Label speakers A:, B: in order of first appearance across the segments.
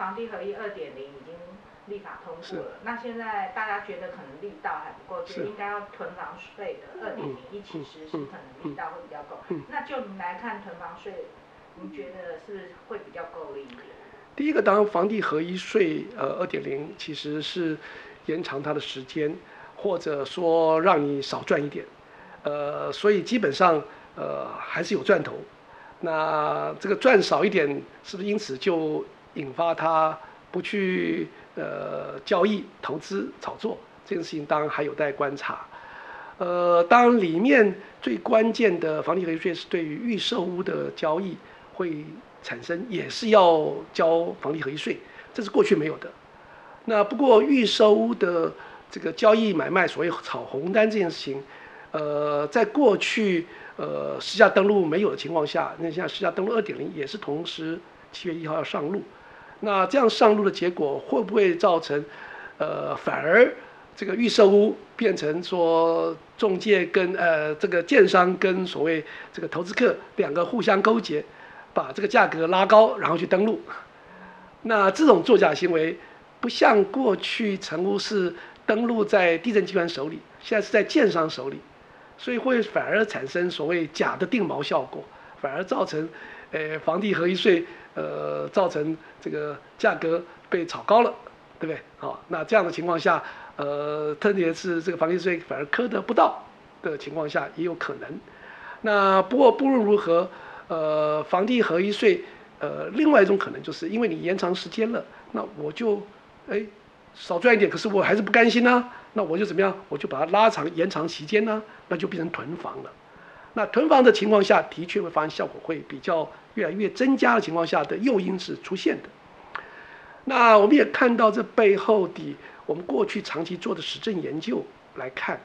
A: 房地合一二點零已經立法通過了，是那現在大家覺得可能力道還不夠，就是應該要囤房稅的二點零一起實施可能力道會比較夠。嗯嗯嗯嗯、那就您來看囤房稅，您、嗯、覺得是不是會比較夠力一點？第一個，當房地合一稅呃二點零其實是延長它的時間，或者說讓你少賺一點，呃，所以基本上呃還是有賺頭，那這個賺少一點是不是因此就？引發他不去呃交易、投資、炒作這件事情，當然還有待觀察。呃，當然裡面最關鍵的房地合一稅是對於預售屋的交易會產生，也是要交房地合一稅，這是過去沒有的。那不過預售屋的這個交易買賣，所謂炒紅單這件事情，呃，在過去呃實價登錄沒有的情況下，那現在實價登錄二點零也是同時七月一號要上路。那這樣上路的結果會不會造成，呃，反而這個預售屋變成說仲介跟呃這個建商跟所謂這個投資客兩個互相勾結，把這個價格拉高，然後去登錄。那這種作假行為不像過去成屋是登錄在地政機關手裡，現在是在建商手裡，所以會反而產生所謂假的定錨效果，反而造成呃房地合一稅。呃，造成這個價格被炒高了，對不對？好、哦，那這樣的情況下，呃，特別是這個房地稅反而苛得不到的情況下，也有可能。那不過不論如何，呃，房地合一稅，呃，另外一種可能就是因為你延長時間了，那我就哎少賺一點，可是我還是不甘心吶、啊，那我就怎麼樣？我就把它拉長，延長時間呢、啊，那就變成囤房了。那囤房的情況下，的確會發生效果會比較越來越增加的情況下的誘因是出現的。那我們也看到這背後的我們過去長期做的實證研究來看，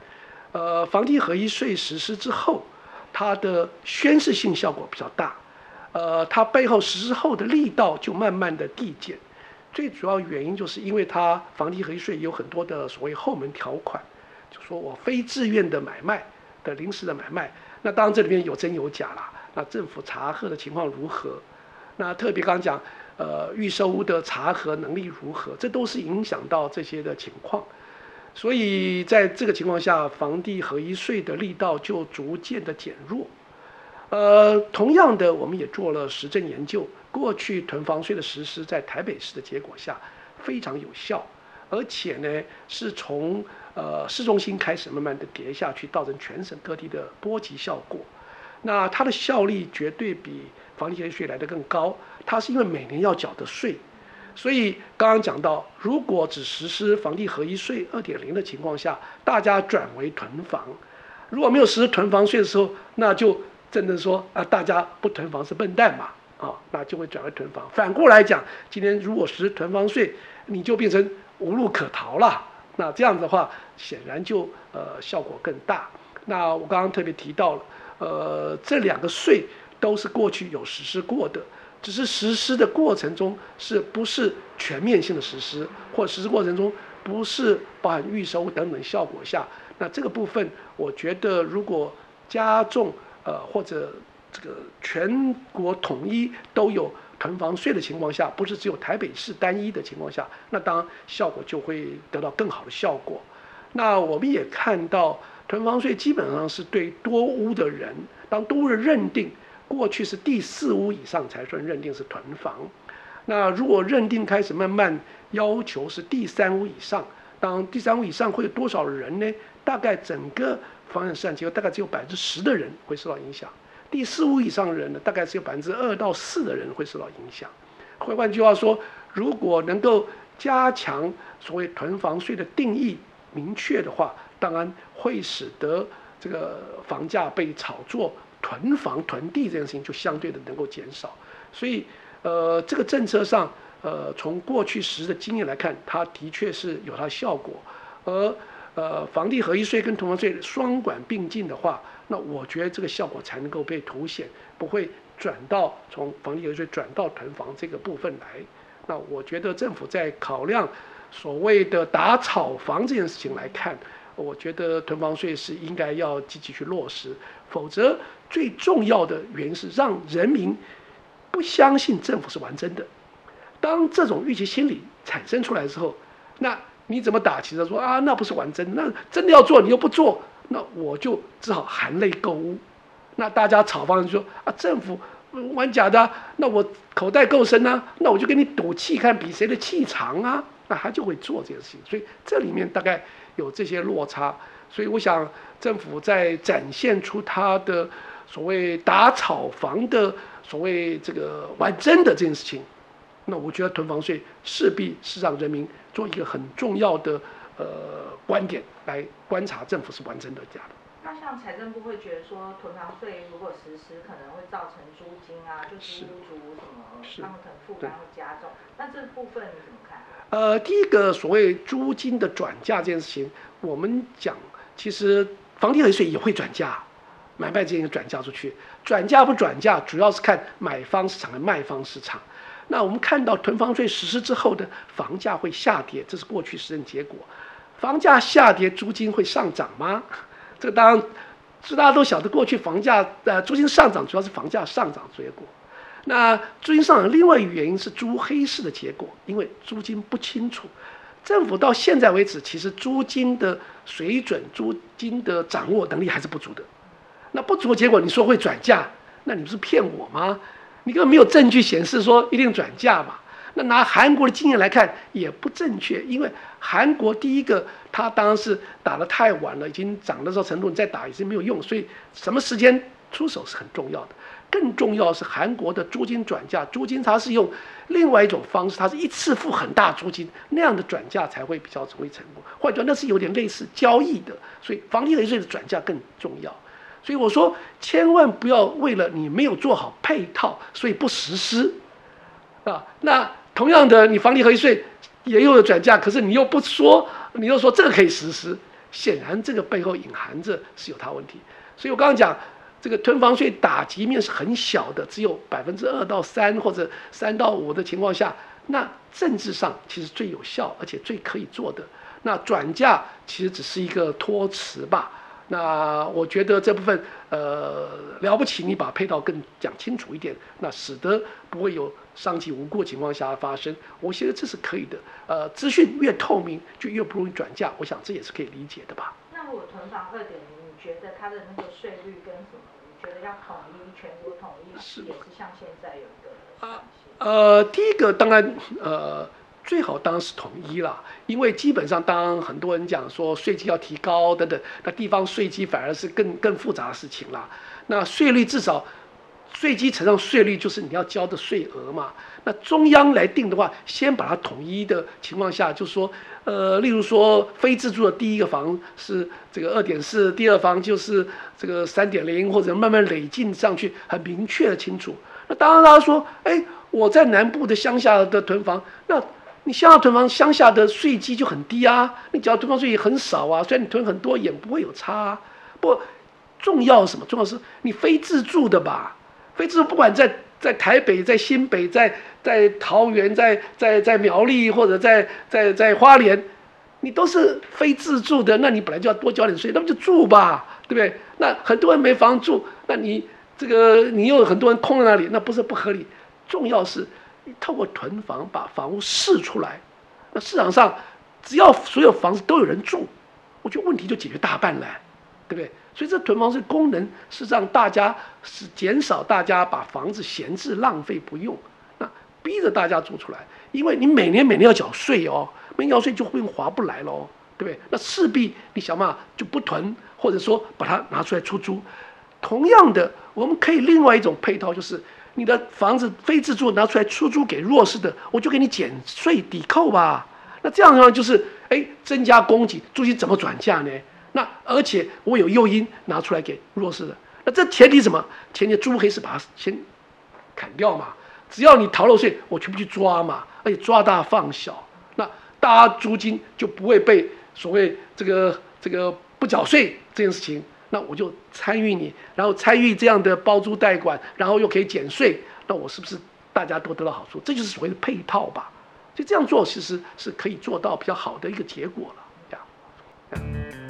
A: 呃，房地合一稅實施之後，它的宣示性效果比較大，呃，它背後實施後的力道就慢慢地遞減。最主要原因就是因為它房地合一稅有很多的所謂後門條款，就說我非自願的買賣。的臨時的買賣，那當然這裡面有真有假啦。那政府查核的情況如何？那特別剛講，呃，預售屋的查核能力如何？這都是影響到這些的情況。所以在這個情況下，房地合一稅的力道就逐漸的減弱。呃，同樣的，我們也做了實證研究，過去囤房稅的實施在台北市的結果下非常有效。而且呢，是從呃市中心開始慢慢的跌下去，造成全省各地的波及效果。那它的效率絕對比房地產稅來得更高。它是因為每年要繳的稅，所以剛剛講到，如果只實施房地合一稅二點零的情況下，大家轉為囤房；如果沒有實施囤房稅的時候，那就真的說啊，大家不囤房是笨蛋嘛，啊、哦，那就會轉為囤房。反過來講，今天如果實施囤房稅，你就變成。無路可逃了，那這樣子的話，顯然就呃效果更大。那我剛剛特別提到了，呃，這兩個稅都是過去有實施過的，只是實施的過程中是不是全面性的實施，或實施過程中不是包含預收等等效果下，那這個部分我覺得如果加重呃或者這個全國統一都有囤房稅的情況下，不是只有台北市單一的情況下，那當然效果就會得到更好的效果。那我們也看到，囤房稅基本上是對多屋的人。當多屋的認定過去是第四屋以上才算認定是囤房，那如果認定開始慢慢要求是第三屋以上，當第三屋以上會有多少人呢？大概整個房產市場結構大概只有百分之十的人會受到影響。第四五以上的人呢，大概是有百分之二到四的人會受到影響。換句話說，如果能夠加強所謂囤房稅的定義明確的話，當然會使得這個房價被炒作、囤房囤地這件事情就相對的能夠減少。所以，呃，這個政策上，呃，從過去時的經驗來看，它的確是有它的效果，而。呃，房地合一稅跟囤房稅雙管並進的話，那我覺得這個效果才能夠被凸顯，不會轉到從房地合一稅轉到囤房這個部分來。那我覺得政府在考量所謂的打炒房這件事情來看，我覺得囤房稅是應該要積極去落實，否則最重要的原因是讓人民不相信政府是玩真的。當這種預期心理產生出來之後，那。你怎麼打？其實他說啊，那不是玩真，那真的要做，你又不做，那我就只好含淚購物。那大家炒房人說啊，政府玩假的啊，那我口袋夠深啊，那我就給你賭氣，看比誰的氣長啊。那他就會做這件事情，所以這裡面大概有這些落差。所以我想，政府在展現出他的所謂打炒房的所謂這個玩真的這件事情。那我覺得囤房稅勢必是讓人民做一個很重要的呃觀點來觀察政府是完整的假的。那像財政部會覺得說，囤房稅如果實施可能會造成租金啊，就是租什麼他們可能負擔會加重。那這部分你怎麼看啊？呃，第一個所謂租金的轉嫁這件事情，我們講其實房地產稅也會轉嫁，買賣這件事轉嫁出去。轉嫁不轉嫁，主要是看買方市場和賣方市場。那我們看到囤房稅實施之後的房價會下跌，這是過去實驗結果。房價下跌，租金會上漲嗎？這個當然，大家都曉得，過去房價呃租金上漲主要是房價上漲的結果。那租金上漲另外一個原因，是租黑市的結果，因為租金不清楚。政府到現在為止，其實租金的水準、租金的掌握能力還是不足的。那不足的結果，你說會轉嫁，那你不是騙我嗎？你根本沒有證據顯示說一定轉嫁嘛。那拿韓國的經驗來看也不正確，因為韓國第一個他當然是打得太晚了，已經漲到這程度，你再打已經沒有用。所以什麼時間出手是很重要的，更重要是韓國的租金轉嫁，租金它是用另外一種方式，它是一次付很大租金，那樣的轉嫁才會比較容易成功。或者那是有點類似交易的，所以房地產稅的轉嫁更重要。所以我說，千萬不要為了你沒有做好配套，所以不實施，啊。那同樣的，你房地合一稅也有的轉嫁，可是你又不說，你又說這個可以實施，顯然這個背後隱含着是有它問題。所以我剛剛講，這個囤房稅打擊面是很小的，只有百分之二到三或者三到五的情況下，那政治上其實最有效，而且最可以做的。那轉嫁其實只是一個託詞吧。那我覺得這部分呃了不起，你把配套更講清楚一點，那使得不會有傷及無辜的情況下發生，我覺得這是可以的。呃，資訊越透明就越不容易轉嫁，我想這也是可以理解的吧。那我囤房二點零，你覺得它的那個稅率跟什麼？你覺得要統一全國統一，是也是像現在有一個的是、啊、呃，第一個當然呃。最好當然是統一啦，因為基本上當很多人講說稅基要提高等等，那地方稅基反而是更更複雜的事情啦。那稅率，至少稅基乘上稅率就是你要交的稅額嘛。那中央來定的話，先把它統一的情況下，就是說，呃，例如說非自住的第一個房是這個二點四，第二房就是這個三點零，或者慢慢累進上去，很明確的清楚。那當然大家說，哎，我在南部的鄉下的囤房，那。你鄉下囤房，鄉下的稅基就很低啊，你只要囤房稅也很少啊，雖然你囤很多，也不會有差啊。不重要是什麼，重要是你非自住的吧？非自住，不管在在台北、在新北、在在桃園、在在在、在苗栗、或者在在在、在花蓮，你都是非自住的，那你本來就要多交點稅，那不就住吧？對不對？那很多人沒房住，那你這個你又有很多人空在那裡，那不是不合理？重要是。透過囤房，把房屋釋出來。那市場上只要所有房子都有人住，我覺得問題就解決大半了，對不對？所以這囤房這功能是讓大家是減少大家把房子閒置浪費不用，那逼着大家住出來，因為你每年每年要繳稅哦，沒繳稅就會划不來嘍，對不對？那勢必你想嘛就不囤，或者說把它拿出來出租。同樣的，我們可以另外一種配套就是。你的房子非自住拿出來出租給弱勢的，我就給你減稅抵扣吧。那這樣的話就是，哎，增加供給，租金怎麼轉嫁呢？那而且我有誘因拿出來給弱勢的，那這前提什麼？前提租黑是把它先砍掉嘛。只要你逃漏稅，我全部去抓嘛。而且抓大放小，那大家租金就不會被所謂這個這個不繳稅這件事情。那我就參與你，然後參與這樣的包租代管，然後又可以減稅，那我是不是大家都得到好處？這就是所謂的配套吧。就這樣做，其實是可以做到比較好的一個結果了，這樣。這樣。